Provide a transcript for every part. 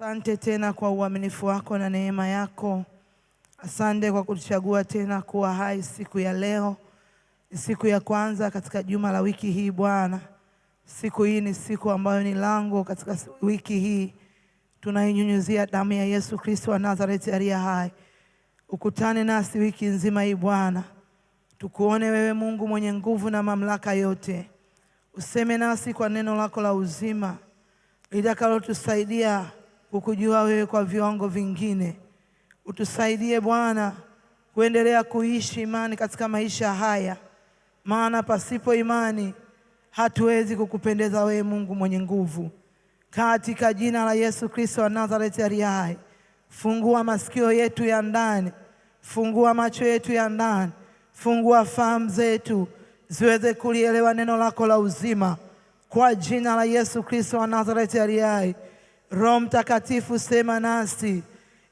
Asante tena kwa uaminifu wako na neema yako. Asante kwa kutuchagua tena kuwa hai siku ya leo. Ni siku ya kwanza katika juma la wiki hii Bwana. Siku hii ni siku ambayo ni lango katika wiki hii. Tunainyunyuzia damu ya Yesu Kristo wa Nazareti aliye hai. Ukutane nasi wiki nzima hii Bwana. Tukuone wewe Mungu mwenye nguvu na mamlaka yote. Useme nasi kwa neno lako la uzima litakalotusaidia kukujua wewe kwa viwango vingine. Utusaidie Bwana kuendelea kuishi imani katika maisha haya, maana pasipo imani hatuwezi kukupendeza wewe, Mungu mwenye nguvu. Katika jina la Yesu Kristo wa Nazareti aliye hai, fungua masikio yetu ya ndani, fungua macho yetu ya ndani, fungua fahamu zetu ziweze kulielewa neno lako la uzima, kwa jina la Yesu Kristo wa Nazareti aliye hai. Roho Mtakatifu, sema nasi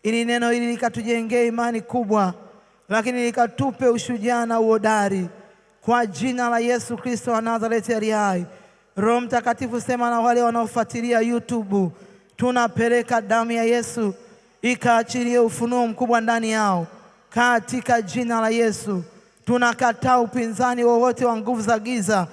ili neno hili likatujengee imani kubwa, lakini likatupe ushujaa na uhodari kwa jina la Yesu Kristo wa Nazareti ali hai. Roho Mtakatifu, sema na wale wanaofuatilia YouTube, tunapeleka damu ya Yesu ikaachilie ufunuo mkubwa ndani yao katika jina la Yesu. Tunakataa upinzani wowote wa nguvu za giza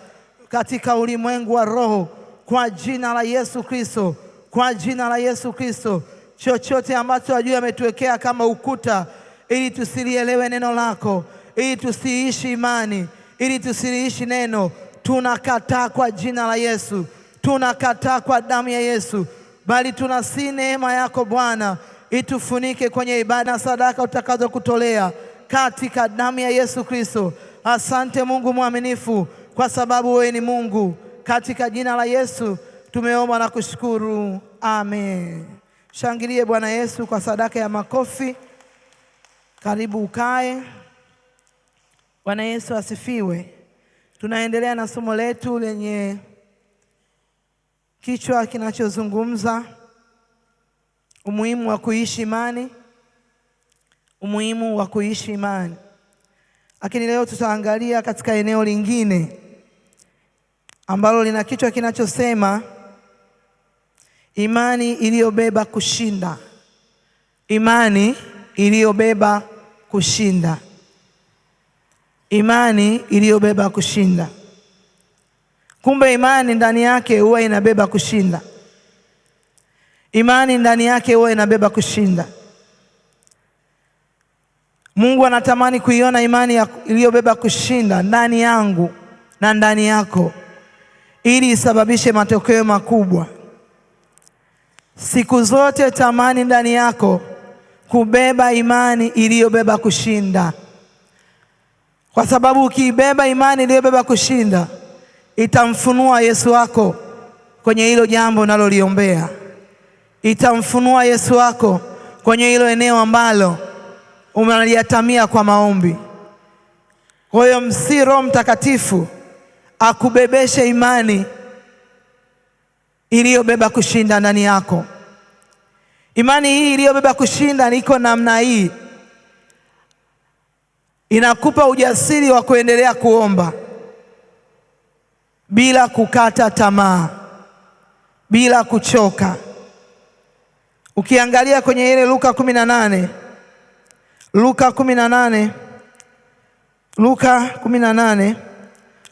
katika ulimwengu wa roho kwa jina la Yesu Kristo kwa jina la Yesu Kristo, chochote ambacho adui ametuwekea kama ukuta, ili tusilielewe neno lako, ili tusiishi imani, ili tusiliishi neno, tunakataa kwa jina la Yesu, tunakataa kwa damu ya Yesu, bali tunasi neema yako Bwana itufunike kwenye ibada na sadaka utakazokutolea katika damu ya Yesu Kristo. Asante Mungu mwaminifu, kwa sababu wewe ni Mungu, katika jina la Yesu. Tumeomba na kushukuru, amen. Shangilie Bwana Yesu kwa sadaka ya makofi. Karibu ukae. Bwana Yesu asifiwe. Tunaendelea na somo letu lenye kichwa kinachozungumza umuhimu wa kuishi imani, umuhimu wa kuishi imani. Lakini leo tutaangalia katika eneo lingine ambalo lina kichwa kinachosema Imani iliyobeba kushinda, imani iliyobeba kushinda, imani iliyobeba kushinda. Kumbe imani ndani yake huwa inabeba kushinda, imani ndani yake huwa inabeba kushinda. Mungu anatamani kuiona imani iliyobeba kushinda ndani yangu na ndani yako, ili isababishe matokeo makubwa Siku zote tamani ndani yako kubeba imani iliyobeba kushinda, kwa sababu ukiibeba imani iliyobeba kushinda itamfunua Yesu wako kwenye hilo jambo unaloliombea, itamfunua Yesu wako kwenye hilo eneo ambalo umeliatamia kwa maombi. Kwa hiyo msi Roho Mtakatifu akubebeshe imani iliyobeba kushinda ndani yako. Imani hii iliyobeba kushinda niko namna hii, inakupa ujasiri wa kuendelea kuomba bila kukata tamaa, bila kuchoka. Ukiangalia kwenye ile Luka kumi na nane Luka kumi na nane Luka kumi na nane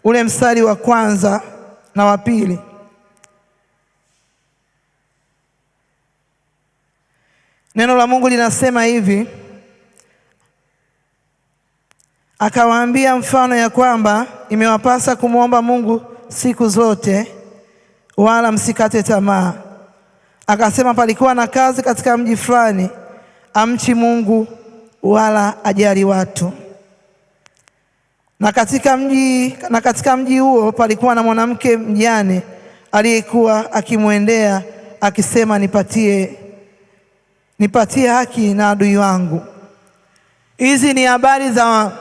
ule mstari wa kwanza na wa pili Neno la Mungu linasema hivi, akawaambia mfano ya kwamba imewapasa kumwomba Mungu siku zote, wala msikate tamaa. Akasema palikuwa na kazi katika mji fulani, amchi Mungu wala ajali watu. Na katika mji na katika mji huo palikuwa na mwanamke mjane aliyekuwa akimwendea akisema, nipatie nipatie haki na adui wangu. Hizi ni habari za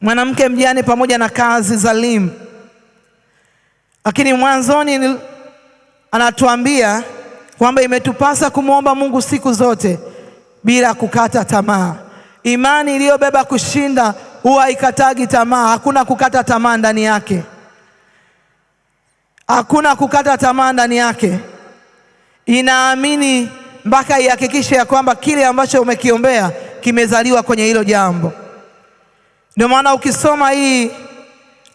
mwanamke mjane pamoja na kazi za limu lakini mwanzoni anatuambia kwamba imetupasa kumwomba Mungu siku zote bila kukata tamaa. Imani iliyobeba kushinda huwa ikatagi tamaa. Hakuna kukata tamaa ndani yake, hakuna kukata tamaa ndani yake. Inaamini mpaka ihakikishe ya kwamba kile ambacho umekiombea kimezaliwa kwenye hilo jambo. Ndio maana ukisoma hii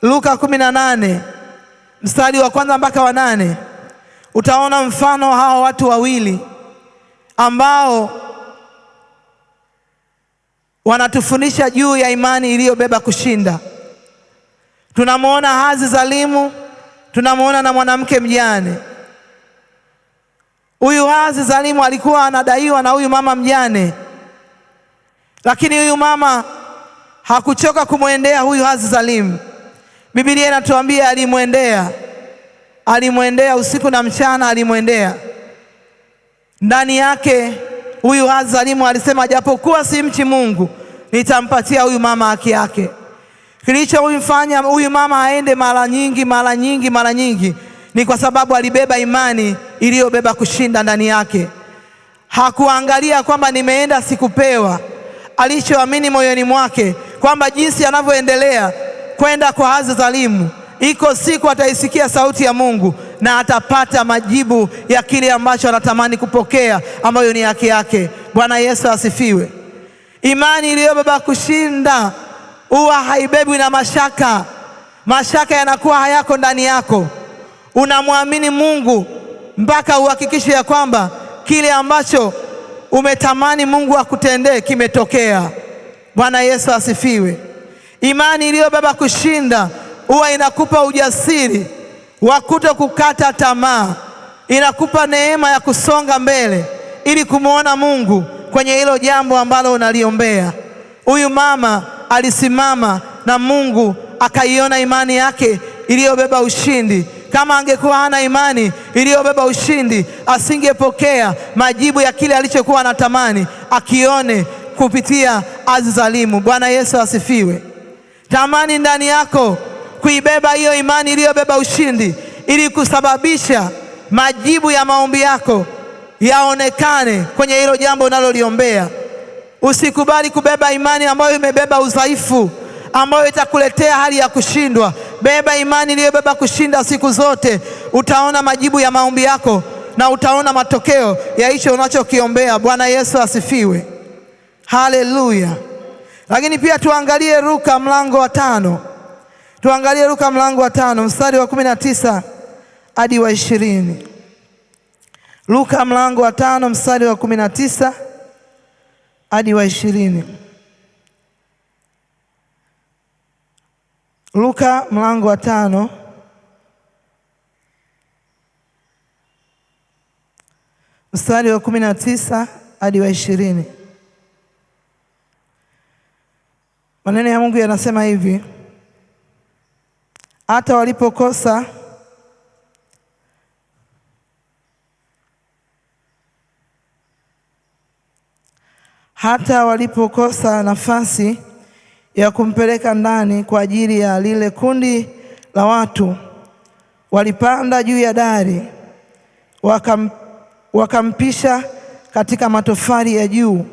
Luka kumi na nane mstari wa kwanza mpaka wa nane utaona mfano hawa watu wawili ambao wanatufundisha juu ya imani iliyobeba kushinda. Tunamwona hazi zalimu, tunamwona na mwanamke mjane. Huyu hazi Zalimu alikuwa anadaiwa na huyu mama mjane, lakini huyu mama hakuchoka kumwendea huyu hazi Zalimu. Biblia inatuambia alimwendea, alimwendea usiku na mchana, alimwendea ndani yake. Huyu hazi Zalimu alisema, japokuwa si mchi Mungu, nitampatia huyu mama haki yake. Kilichomfanya huyu mama aende mara nyingi mara nyingi mara nyingi ni kwa sababu alibeba imani iliyobeba kushinda ndani yake. Hakuangalia kwamba nimeenda sikupewa, alichoamini moyoni mwake kwamba jinsi anavyoendelea kwenda kwa hazi dhalimu, iko siku ataisikia sauti ya Mungu na atapata majibu ya kile ambacho anatamani kupokea, ambayo ni haki yake. Bwana Yesu asifiwe. Imani iliyobeba kushinda huwa haibebwi na mashaka. Mashaka yanakuwa hayako ndani yako, unamwamini Mungu mpaka uhakikishe ya kwamba kile ambacho umetamani Mungu akutendee kimetokea. Bwana Yesu asifiwe. Imani iliyobeba kushinda huwa inakupa ujasiri wa kuto kukata tamaa, inakupa neema ya kusonga mbele ili kumwona Mungu kwenye hilo jambo ambalo unaliombea. Huyu mama alisimama na Mungu akaiona imani yake iliyobeba ushindi. Kama angekuwa hana imani iliyobeba ushindi, asingepokea majibu ya kile alichokuwa anatamani akione kupitia Azizalimu. Bwana Yesu asifiwe. Tamani ndani yako kuibeba hiyo imani iliyobeba ushindi, ili kusababisha majibu ya maombi yako yaonekane kwenye hilo jambo unaloliombea. Usikubali kubeba imani ambayo imebeba udhaifu, ambayo itakuletea hali ya kushindwa. Beba imani iliyobeba kushinda siku zote. Utaona majibu ya maombi yako na utaona matokeo ya hicho unachokiombea. Bwana Yesu asifiwe, haleluya. Lakini pia tuangalie Luka mlango wa tano, tuangalie Luka mlango wa tano mstari wa kumi na tisa hadi wa ishirini. Luka mlango wa tano mstari wa kumi na tisa hadi wa ishirini. Luka mlango wa tano mstari wa kumi na tisa hadi wa ishirini. Maneno ya Mungu yanasema hivi: hata walipokosa hata walipokosa nafasi ya kumpeleka ndani kwa ajili ya lile kundi la watu. Walipanda juu ya dari wakam, wakampisha katika matofali ya juu,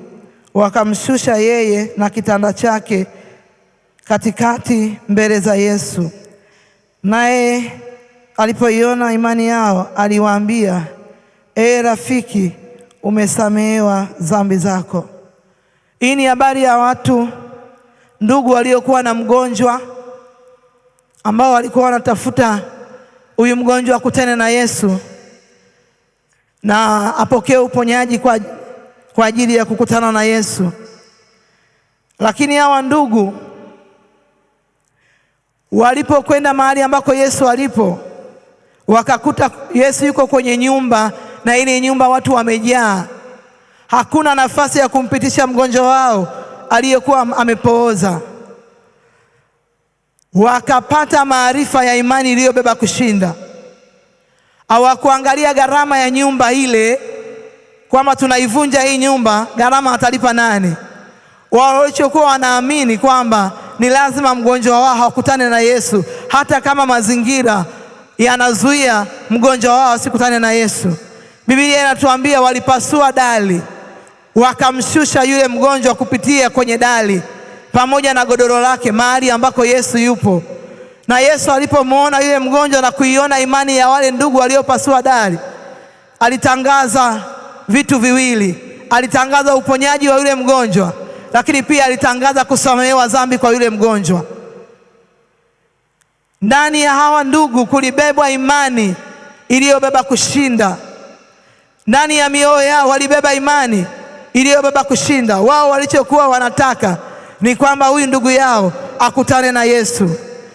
wakamshusha yeye na kitanda chake katikati mbele za Yesu. Naye alipoiona imani yao, aliwaambia, ee rafiki, umesamehewa dhambi zako. Hii ni habari ya watu ndugu waliokuwa na mgonjwa ambao walikuwa wanatafuta huyu mgonjwa akutane na Yesu na apokee uponyaji kwa, kwa ajili ya kukutana na Yesu. Lakini hawa ndugu walipokwenda mahali ambako Yesu alipo, wakakuta Yesu yuko kwenye nyumba, na ile nyumba watu wamejaa, hakuna nafasi ya kumpitisha mgonjwa wao aliyekuwa amepooza, wakapata maarifa ya imani iliyobeba kushinda. Hawakuangalia gharama ya nyumba ile kwamba tunaivunja hii nyumba, gharama atalipa nani? Walichokuwa wanaamini kwamba ni lazima mgonjwa wao hakutane na Yesu, hata kama mazingira yanazuia mgonjwa wao asikutane na Yesu. Biblia inatuambia walipasua dali wakamshusha yule mgonjwa kupitia kwenye dali pamoja na godoro lake mahali ambako Yesu yupo. Na Yesu alipomwona yule mgonjwa na kuiona imani ya wale ndugu waliopasua dali, alitangaza vitu viwili. Alitangaza uponyaji wa yule mgonjwa, lakini pia alitangaza kusamehewa dhambi kwa yule mgonjwa. Ndani ya hawa ndugu kulibebwa imani iliyobeba kushinda. Ndani ya mioyo yao walibeba imani iliyobeba kushinda wao. Walichokuwa wanataka ni kwamba huyu ndugu yao akutane na Yesu,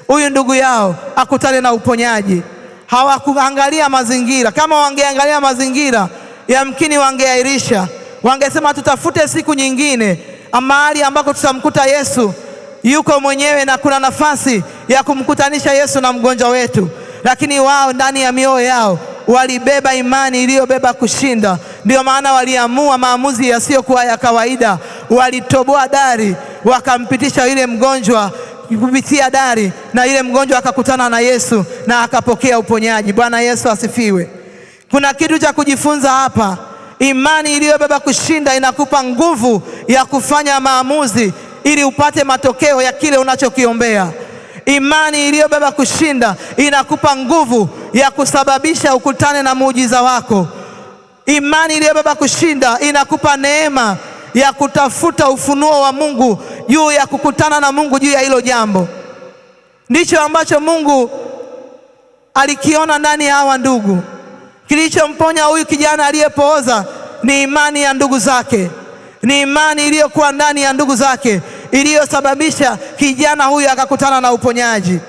huyu ndugu yao akutane na uponyaji. Hawakuangalia mazingira. Kama wangeangalia mazingira, yamkini wangeahirisha, wangesema tutafute siku nyingine mahali ambako tutamkuta Yesu yuko mwenyewe na kuna nafasi ya kumkutanisha Yesu na mgonjwa wetu, lakini wao ndani ya mioyo yao walibeba imani iliyobeba kushinda. Ndiyo maana waliamua maamuzi yasiyokuwa ya kawaida, walitoboa dari, wakampitisha yule mgonjwa kupitia dari, na yule mgonjwa akakutana na Yesu na akapokea uponyaji. Bwana Yesu asifiwe. Kuna kitu cha kujifunza hapa. Imani iliyobeba kushinda inakupa nguvu ya kufanya maamuzi ili upate matokeo ya kile unachokiombea. Imani iliyobeba kushinda inakupa nguvu ya kusababisha ukutane na muujiza wako. Imani iliyobeba kushinda inakupa neema ya kutafuta ufunuo wa Mungu juu ya kukutana na Mungu juu ya hilo jambo. Ndicho ambacho Mungu alikiona ndani ya hawa ndugu. Kilichomponya huyu kijana aliyepooza ni imani ya ndugu zake, ni imani iliyokuwa ndani ya ndugu zake iliyosababisha kijana huyu akakutana na uponyaji.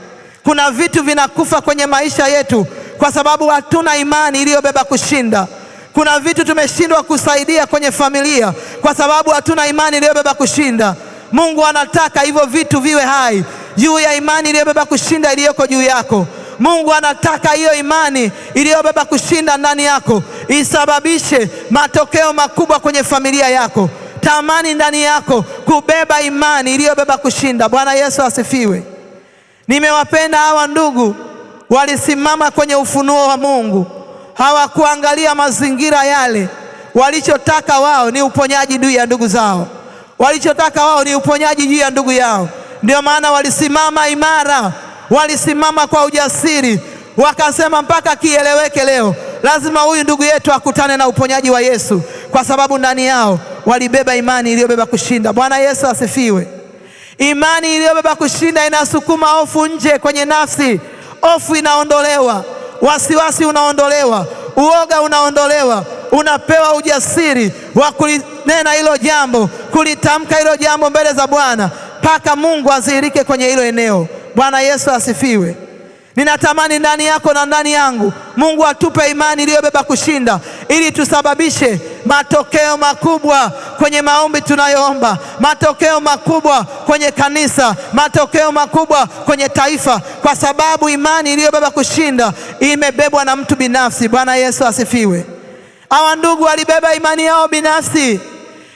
Kuna vitu vinakufa kwenye maisha yetu kwa sababu hatuna imani iliyobeba kushinda. Kuna vitu tumeshindwa kusaidia kwenye familia kwa sababu hatuna imani iliyobeba kushinda. Mungu anataka hivyo vitu viwe hai juu ya imani iliyobeba kushinda iliyoko juu yako. Mungu anataka hiyo imani iliyobeba kushinda ndani yako isababishe matokeo makubwa kwenye familia yako tamani ndani yako kubeba imani iliyobeba kushinda. Bwana Yesu asifiwe. Nimewapenda hawa ndugu, walisimama kwenye ufunuo wa Mungu, hawakuangalia mazingira yale. Walichotaka wao ni uponyaji juu ya ndugu zao, walichotaka wao ni uponyaji juu ya ndugu yao. Ndio maana walisimama imara, walisimama kwa ujasiri, wakasema mpaka kieleweke leo, lazima huyu ndugu yetu akutane na uponyaji wa Yesu, kwa sababu ndani yao walibeba imani iliyobeba kushinda. Bwana Yesu asifiwe. Imani iliyobeba kushinda inasukuma hofu nje kwenye nafsi. Hofu inaondolewa, wasiwasi unaondolewa, uoga unaondolewa, unapewa ujasiri wa kulinena hilo jambo, kulitamka hilo jambo mbele za Bwana mpaka Mungu adhihirike kwenye hilo eneo. Bwana Yesu asifiwe. Ninatamani ndani yako na ndani yangu Mungu atupe imani iliyobeba kushinda, ili tusababishe matokeo makubwa kwenye maombi tunayoomba, matokeo makubwa kwenye kanisa, matokeo makubwa kwenye taifa, kwa sababu imani iliyobeba kushinda imebebwa na mtu binafsi. Bwana Yesu asifiwe. Hawa ndugu walibeba imani yao binafsi.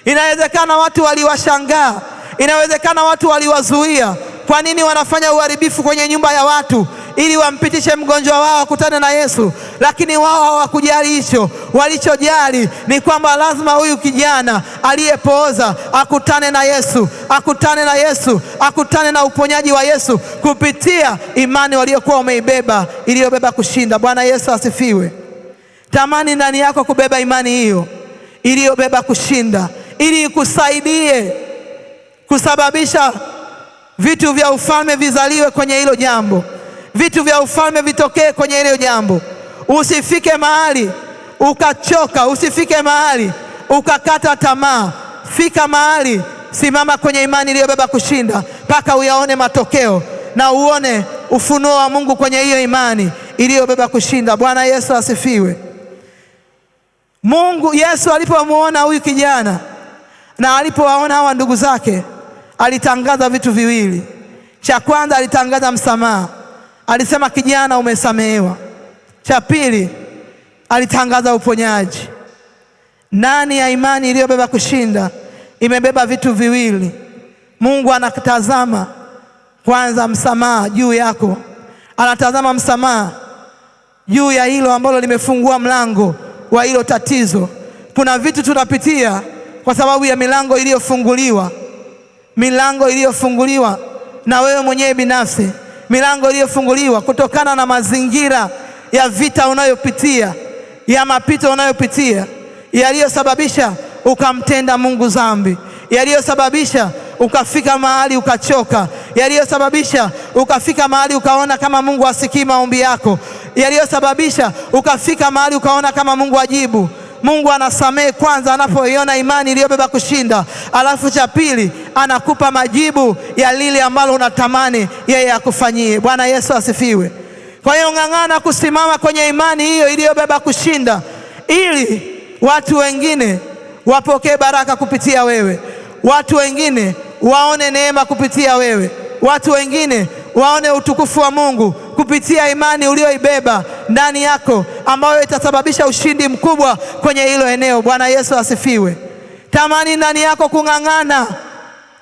Inawezekana watu waliwashangaa, inawezekana watu waliwazuia kwa nini wanafanya uharibifu kwenye nyumba ya watu ili wampitishe mgonjwa wao akutane na Yesu? Lakini wao hawakujali hicho. Walichojali ni kwamba lazima huyu kijana aliyepooza akutane na Yesu, akutane na Yesu, akutane na uponyaji wa Yesu kupitia imani waliokuwa wameibeba, iliyobeba kushinda. Bwana Yesu asifiwe. Tamani ndani yako kubeba imani hiyo iliyobeba kushinda, ili ikusaidie kusababisha Vitu vya ufalme vizaliwe kwenye hilo jambo, vitu vya ufalme vitokee kwenye hilo jambo. Usifike mahali ukachoka, usifike mahali ukakata tamaa. Fika mahali, simama kwenye imani iliyobeba kushinda mpaka uyaone matokeo na uone ufunuo wa Mungu kwenye hiyo imani iliyobeba kushinda. Bwana Yesu asifiwe. Mungu Yesu alipomuona huyu kijana na alipowaona hawa ndugu zake alitangaza vitu viwili. Cha kwanza alitangaza msamaha, alisema kijana, umesamehewa. Cha pili alitangaza uponyaji. Ndani ya imani iliyobeba kushinda imebeba vitu viwili. Mungu anatazama kwanza msamaha juu yako, anatazama msamaha juu ya hilo ambalo limefungua mlango wa hilo tatizo. Kuna vitu tunapitia kwa sababu ya milango iliyofunguliwa milango iliyofunguliwa na wewe mwenyewe binafsi, milango iliyofunguliwa kutokana na mazingira ya vita unayopitia, ya mapito unayopitia, yaliyosababisha ukamtenda Mungu dhambi, yaliyosababisha ukafika mahali ukachoka, yaliyosababisha ukafika mahali ukaona kama Mungu asikii maombi yako, yaliyosababisha ukafika mahali ukaona kama Mungu ajibu Mungu anasamehe kwanza anapoiona imani iliyobeba kushinda, alafu cha pili anakupa majibu ya lile ambalo unatamani yeye akufanyie. Bwana Yesu asifiwe. Kwa hiyo ng'ang'ana kusimama kwenye imani hiyo iliyobeba kushinda, ili watu wengine wapokee baraka kupitia wewe, watu wengine waone neema kupitia wewe, watu wengine waone utukufu wa Mungu kupitia imani uliyoibeba ndani yako, ambayo itasababisha ushindi mkubwa kwenye hilo eneo. Bwana Yesu asifiwe. Tamani ndani yako kung'ang'ana,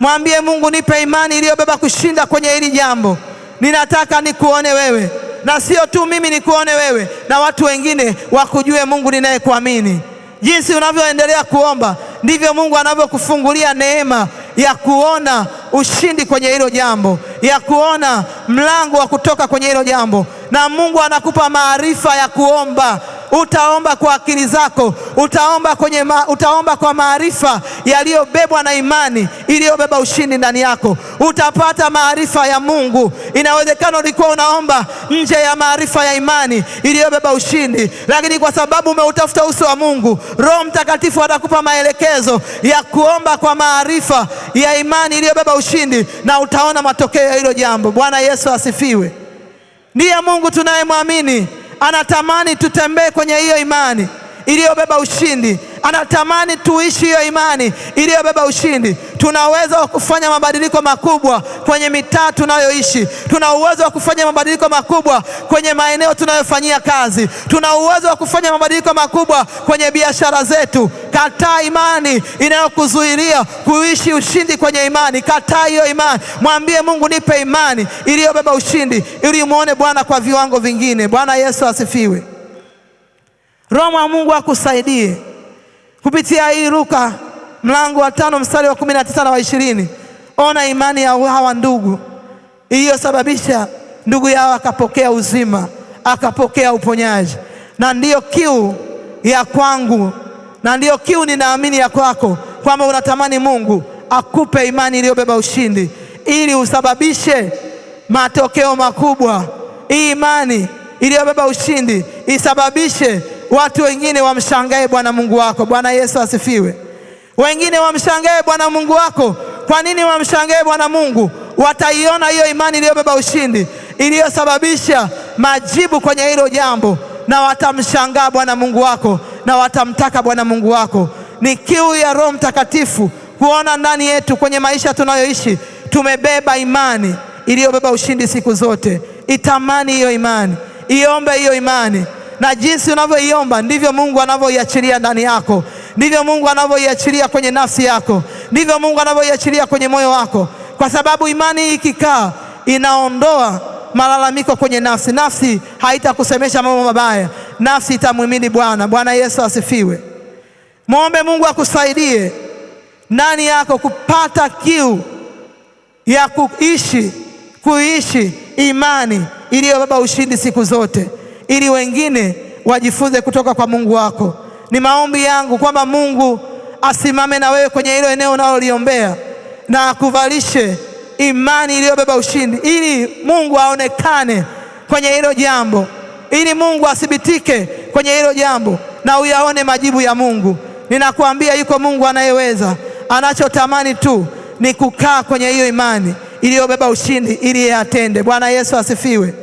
mwambie Mungu, nipe imani iliyobeba kushinda kwenye hili jambo. Ninataka nikuone wewe, na sio tu mimi nikuone wewe, na watu wengine wakujue Mungu ninayekuamini. Jinsi unavyoendelea kuomba ndivyo Mungu anavyokufungulia neema ya kuona ushindi kwenye hilo jambo, ya kuona mlango wa kutoka kwenye hilo jambo, na Mungu anakupa maarifa ya kuomba utaomba kwa akili zako, utaomba, kwenye ma, utaomba kwa maarifa yaliyobebwa na imani iliyobeba ushindi ndani yako, utapata maarifa ya Mungu. Inawezekana ulikuwa unaomba nje ya maarifa ya imani iliyobeba ushindi, lakini kwa sababu umeutafuta uso wa Mungu, Roho Mtakatifu atakupa maelekezo ya kuomba kwa maarifa ya imani iliyobeba ushindi, na utaona matokeo ya hilo jambo. Bwana Yesu asifiwe. Ndiye Mungu tunayemwamini anatamani tutembee kwenye hiyo imani iliyobeba ushindi. Anatamani tuishi hiyo imani iliyobeba ushindi. Tuna uwezo wa kufanya mabadiliko makubwa kwenye mitaa tunayoishi. Tuna uwezo wa kufanya mabadiliko makubwa kwenye maeneo tunayofanyia kazi. Tuna uwezo wa kufanya mabadiliko makubwa kwenye biashara zetu. Kataa imani inayokuzuilia kuishi ushindi kwenye imani. Kataa hiyo imani, mwambie Mungu, nipe imani iliyobeba ushindi ili muone Bwana kwa viwango vingine. Bwana Yesu asifiwe. Roho wa Mungu akusaidie kupitia hii Luka mlango wa tano mstari wa kumi na tisa na wa ishirini. Ona imani ya hawa ndugu iliyosababisha ndugu yao akapokea uzima, akapokea uponyaji, na ndiyo kiu ya kwangu na ndiyo kiu ninaamini ya kwako, kwamba unatamani Mungu akupe imani iliyobeba ushindi ili usababishe matokeo makubwa. Hii imani iliyobeba ushindi isababishe Watu wengine wamshangae Bwana Mungu wako. Bwana Yesu asifiwe. Wengine wamshangae Bwana Mungu wako. Kwa nini wamshangae Bwana Mungu? Wataiona hiyo imani iliyobeba ushindi iliyosababisha majibu kwenye hilo jambo, na watamshangaa Bwana Mungu wako na watamtaka Bwana Mungu wako. Ni kiu ya Roho Mtakatifu kuona ndani yetu kwenye maisha tunayoishi tumebeba imani iliyobeba ushindi siku zote. Itamani hiyo imani, iombe hiyo imani na jinsi unavyoiomba ndivyo Mungu anavyoiachilia ndani yako, ndivyo Mungu anavyoiachilia kwenye nafsi yako, ndivyo Mungu anavyoiachilia kwenye moyo wako, kwa sababu imani ikikaa inaondoa malalamiko kwenye nafsi. Nafsi haitakusemesha mambo mabaya, nafsi itamwimini Bwana. Bwana Yesu asifiwe. Mwombe Mungu akusaidie ndani yako kupata kiu ya kuishi kuishi imani iliyobeba ushindi siku zote ili wengine wajifunze kutoka kwa Mungu wako. Ni maombi yangu kwamba Mungu asimame na wewe kwenye hilo eneo unaloliombea na akuvalishe imani iliyobeba ushindi, ili Mungu aonekane kwenye hilo jambo, ili Mungu athibitike kwenye hilo jambo na uyaone majibu ya Mungu. Ninakuambia yuko Mungu anayeweza, anachotamani tu ni kukaa kwenye hiyo imani iliyobeba ushindi ili yatende. Bwana Yesu asifiwe.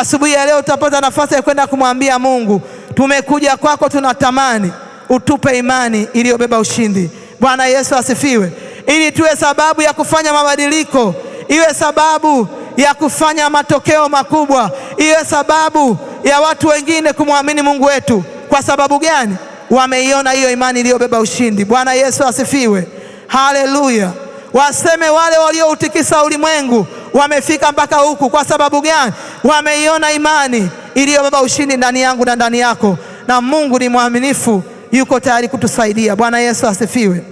Asubuhi ya leo utapata nafasi ya kwenda kumwambia Mungu, tumekuja kwako, tunatamani utupe imani iliyobeba ushindi. Bwana Yesu asifiwe. Ili tuwe sababu ya kufanya mabadiliko, iwe sababu ya kufanya matokeo makubwa, iwe sababu ya watu wengine kumwamini Mungu wetu. Kwa sababu gani? Wameiona hiyo imani iliyobeba ushindi. Bwana Yesu asifiwe. Haleluya waseme wale walioutikisa ulimwengu wamefika mpaka huku. Kwa sababu gani? Wameiona imani iliyobeba ushindi ndani yangu na ndani yako, na Mungu ni mwaminifu, yuko tayari kutusaidia. Bwana Yesu asifiwe.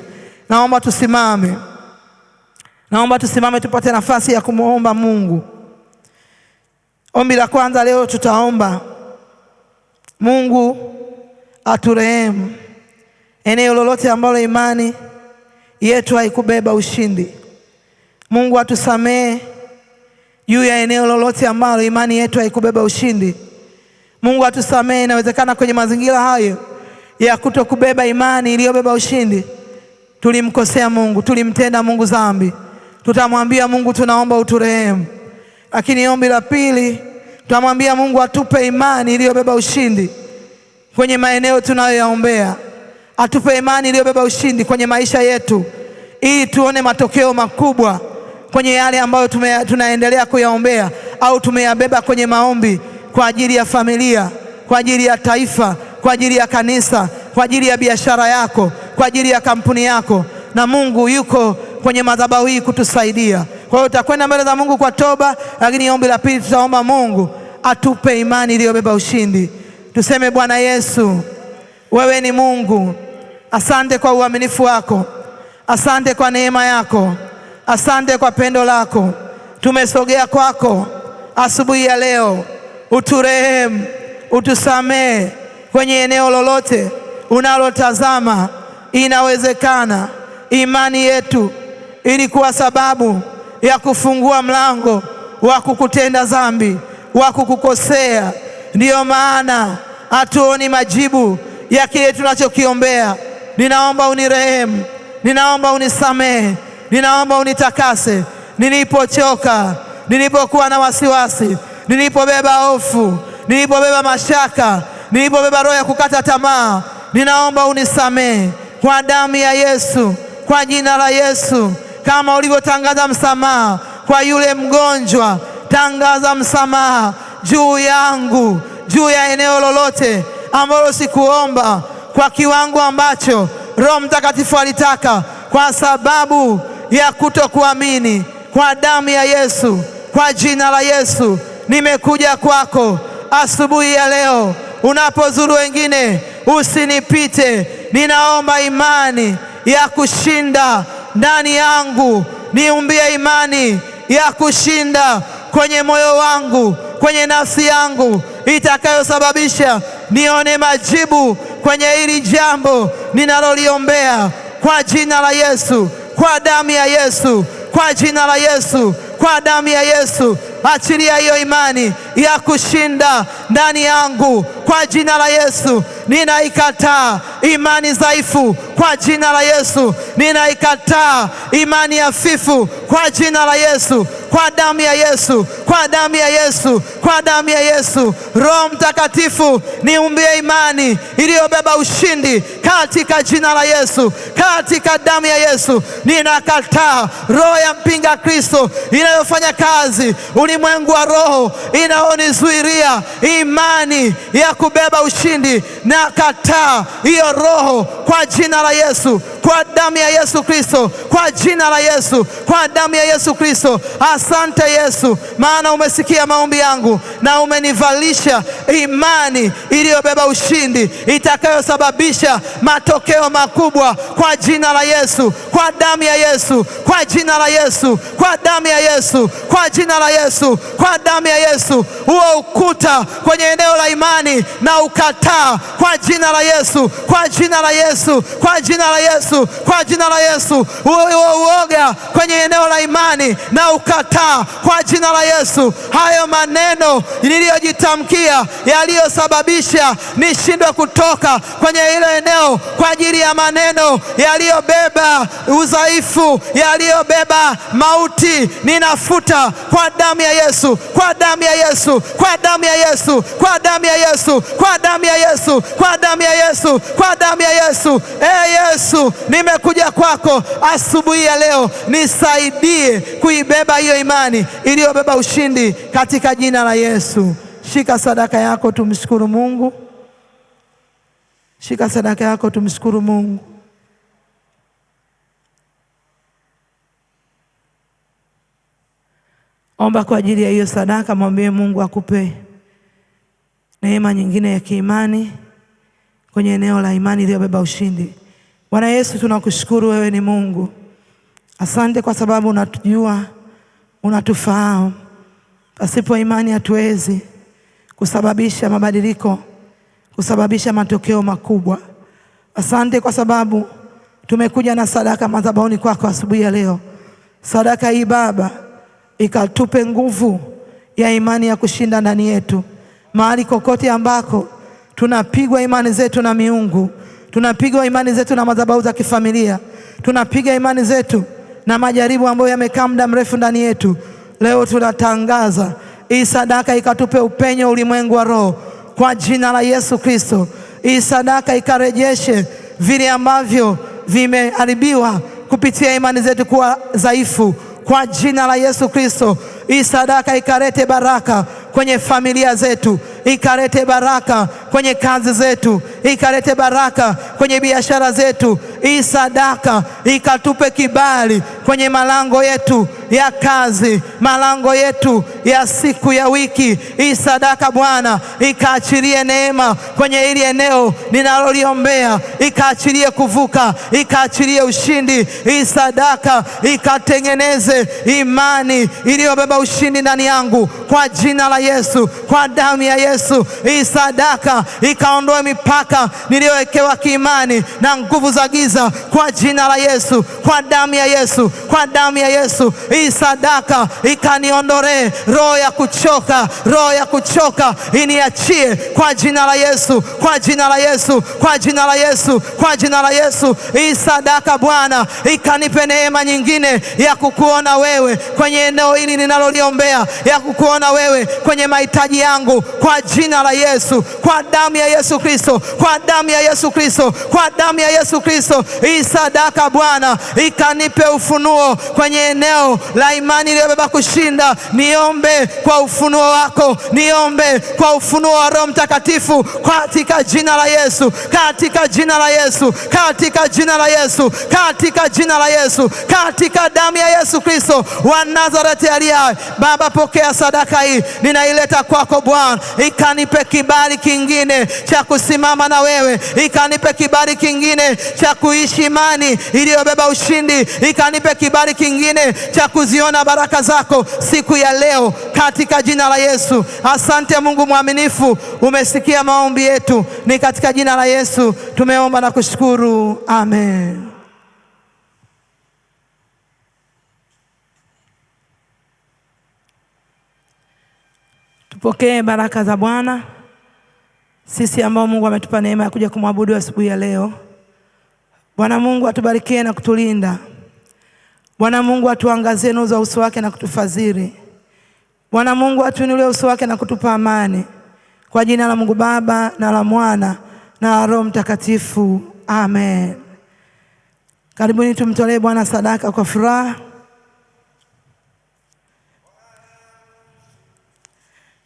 Naomba tusimame, naomba tusimame, tupate nafasi ya kumwomba Mungu. Ombi la kwanza leo tutaomba Mungu aturehemu eneo lolote ambalo imani yetu haikubeba ushindi. Mungu atusamehe juu ya eneo lolote ambalo imani yetu haikubeba ushindi. Mungu atusamehe. Inawezekana kwenye mazingira hayo ya kutokubeba imani iliyobeba ushindi, tulimkosea Mungu, tulimtenda Mungu dhambi, tutamwambia Mungu tunaomba uturehemu. Lakini ombi la pili tutamwambia Mungu atupe imani iliyobeba ushindi kwenye maeneo tunayoyaombea atupe imani iliyobeba ushindi kwenye maisha yetu, ili tuone matokeo makubwa kwenye yale ambayo tume, tunaendelea kuyaombea au tumeyabeba kwenye maombi kwa ajili ya familia, kwa ajili ya taifa, kwa ajili ya kanisa, kwa ajili ya biashara yako, kwa ajili ya kampuni yako. Na Mungu yuko kwenye madhabahu hii kutusaidia. Kwa hiyo tutakwenda mbele za Mungu kwa toba, lakini ombi la pili tutaomba Mungu atupe imani iliyobeba ushindi. Tuseme, Bwana Yesu, wewe ni Mungu Asante kwa uaminifu wako, asante kwa neema yako, asante kwa pendo lako. Tumesogea kwako asubuhi ya leo, uturehemu, utusamehe kwenye eneo lolote unalotazama. Inawezekana imani yetu ilikuwa sababu ya kufungua mlango wa kukutenda dhambi, wa kukukosea. Ndiyo maana hatuoni majibu ya kile tunachokiombea ninaomba unirehemu, ninaomba unisamehe, ninaomba unitakase. Nilipochoka, nilipokuwa na wasiwasi, nilipobeba hofu, nilipobeba mashaka, nilipobeba roho ya kukata tamaa, ninaomba unisamehe kwa damu ya Yesu, kwa jina la Yesu. Kama ulivyotangaza msamaha kwa yule mgonjwa, tangaza msamaha juu yangu, juu ya eneo lolote ambalo sikuomba kwa kiwango ambacho Roho Mtakatifu alitaka, kwa sababu ya kutokuamini. Kwa damu ya Yesu, kwa jina la Yesu, nimekuja kwako asubuhi ya leo. Unapozuru wengine, usinipite. Ninaomba imani ya kushinda ndani yangu, niumbie imani ya kushinda kwenye moyo wangu, kwenye nafsi yangu, itakayosababisha nione majibu kwenye hili jambo ninaloliombea kwa jina la Yesu, kwa damu ya Yesu, kwa jina la Yesu, kwa damu ya Yesu achilia hiyo imani ya kushinda ndani yangu kwa jina la Yesu. Ninaikataa imani dhaifu kwa jina la Yesu. Ninaikataa imani fifu kwa jina la Yesu, kwa damu ya Yesu, kwa damu ya Yesu, kwa damu ya Yesu. Roho Mtakatifu, niumbie imani iliyobeba ushindi katika jina la Yesu, katika damu ya Yesu. Ninakataa roho ya mpinga Kristo inayofanya kazi Uni ulimwengu wa roho inaonizuiria imani ya kubeba ushindi, na kataa hiyo roho kwa jina la Yesu, kwa damu ya Yesu Kristo, kwa jina la Yesu, kwa damu ya Yesu Kristo. Asante Yesu, maana umesikia maombi yangu na umenivalisha imani iliyobeba ushindi itakayosababisha matokeo makubwa, kwa jina la Yesu, kwa damu ya Yesu, kwa jina la Yesu, kwa damu ya Yesu, kwa jina la Yesu. Yesu, kwa damu ya Yesu, huo ukuta kwenye eneo la imani na ukataa kwa jina la Yesu, kwa jina la Yesu, kwa jina la Yesu, kwa jina la Yesu, huo uoga kwenye eneo la imani na ukataa kwa jina la Yesu. Hayo maneno niliyojitamkia yaliyosababisha nishindwe kutoka kwenye hilo eneo kwa ajili ya maneno yaliyobeba udhaifu, yaliyobeba mauti, ninafuta kwa damu ya Yesu, kwa damu ya Yesu, kwa damu ya Yesu, kwa damu ya Yesu, kwa damu ya Yesu, kwa damu ya Yesu, kwa damu ya Yesu. E Yesu, nimekuja kwako asubuhi ya leo, nisaidie kuibeba hiyo imani iliyobeba ushindi katika jina la Yesu. Shika sadaka yako, tumshukuru Mungu. Shika sadaka yako, tumshukuru Mungu. Omba kwa ajili ya hiyo sadaka, mwambie Mungu akupe neema nyingine ya kiimani kwenye eneo la imani iliyobeba ushindi. Bwana Yesu, tunakushukuru wewe ni Mungu. Asante kwa sababu unatujua, unatufahamu. Pasipo imani hatuwezi kusababisha mabadiliko, kusababisha matokeo makubwa. Asante kwa sababu tumekuja na sadaka madhabahuni kwako asubuhi ya leo. Sadaka hii Baba ikatupe nguvu ya imani ya kushinda ndani yetu, mahali kokote ambako tunapigwa imani zetu na miungu, tunapigwa imani zetu na madhabahu za kifamilia, tunapiga imani zetu na majaribu ambayo yamekaa muda mrefu ndani yetu. Leo tunatangaza hii sadaka ikatupe upenyo ulimwengu wa roho kwa jina la Yesu Kristo. Hii sadaka ikarejeshe vile ambavyo vimeharibiwa kupitia imani zetu kuwa dhaifu kwa Jesus la Hii sadaka ikalete baraka kwenye familia zetu, ikalete baraka kwenye kazi zetu, ikalete baraka kwenye biashara zetu. Hii sadaka ikatupe kibali kwenye malango yetu ya kazi, malango yetu ya siku ya wiki. Hii sadaka Bwana ikaachilie neema kwenye ili eneo ninaloliombea, ikaachilie kuvuka, ikaachilie ushindi. Hii sadaka ikatengeneze imani iliyobeba Baba, ushindi ndani yangu kwa jina la Yesu, kwa damu ya Yesu. Hii sadaka ikaondoe mipaka niliyowekewa kiimani na nguvu za giza kwa jina la Yesu, kwa damu ya Yesu, kwa damu ya Yesu. Hii sadaka ikaniondolee roho ya kuchoka, roho ya kuchoka iniachie kwa jina la Yesu, kwa jina la Yesu, kwa jina la Yesu, kwa jina la Yesu. Hii sadaka Bwana ikanipe neema nyingine ya kukuona wewe kwenye eneo hili ninalo ninaloliombea ya kukuona wewe kwenye mahitaji yangu, kwa jina la Yesu, kwa damu ya Yesu Kristo, kwa damu ya Yesu Kristo, kwa damu ya Yesu Kristo. Hii sadaka Bwana ikanipe ufunuo kwenye eneo la imani iliyobeba kushinda. Niombe kwa ufunuo wako, niombe kwa ufunuo wa Roho Mtakatifu, katika jina la Yesu, katika jina la Yesu, katika jina la Yesu, katika jina la Yesu, katika damu ya Yesu Kristo wa Nazareti aliye Baba, pokea sadaka hii, ninaileta kwako Bwana, ikanipe kibali kingine cha kusimama na wewe, ikanipe kibali kingine cha kuishi imani iliyobeba ushindi, ikanipe kibali kingine cha kuziona baraka zako siku ya leo, katika jina la Yesu. Asante Mungu mwaminifu, umesikia maombi yetu, ni katika jina la Yesu tumeomba na kushukuru, amen. Tupokee baraka za Bwana sisi ambao Mungu ametupa neema ya kuja kumwabudu asubuhi ya leo. Bwana Mungu atubarikie na kutulinda. Bwana Mungu atuangazie nuru za uso wake na kutufadhili. Bwana Mungu atuinulie uso wake na kutupa amani. Kwa jina la Mungu Baba na la Mwana na la Roho Mtakatifu, amen. Karibuni tumtolee Bwana sadaka kwa furaha.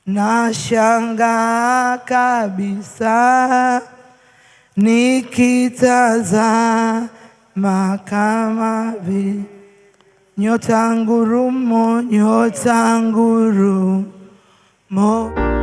Nashangaa kabisa nikitazama kama vile nyota ngurumo, nyota ngurumo.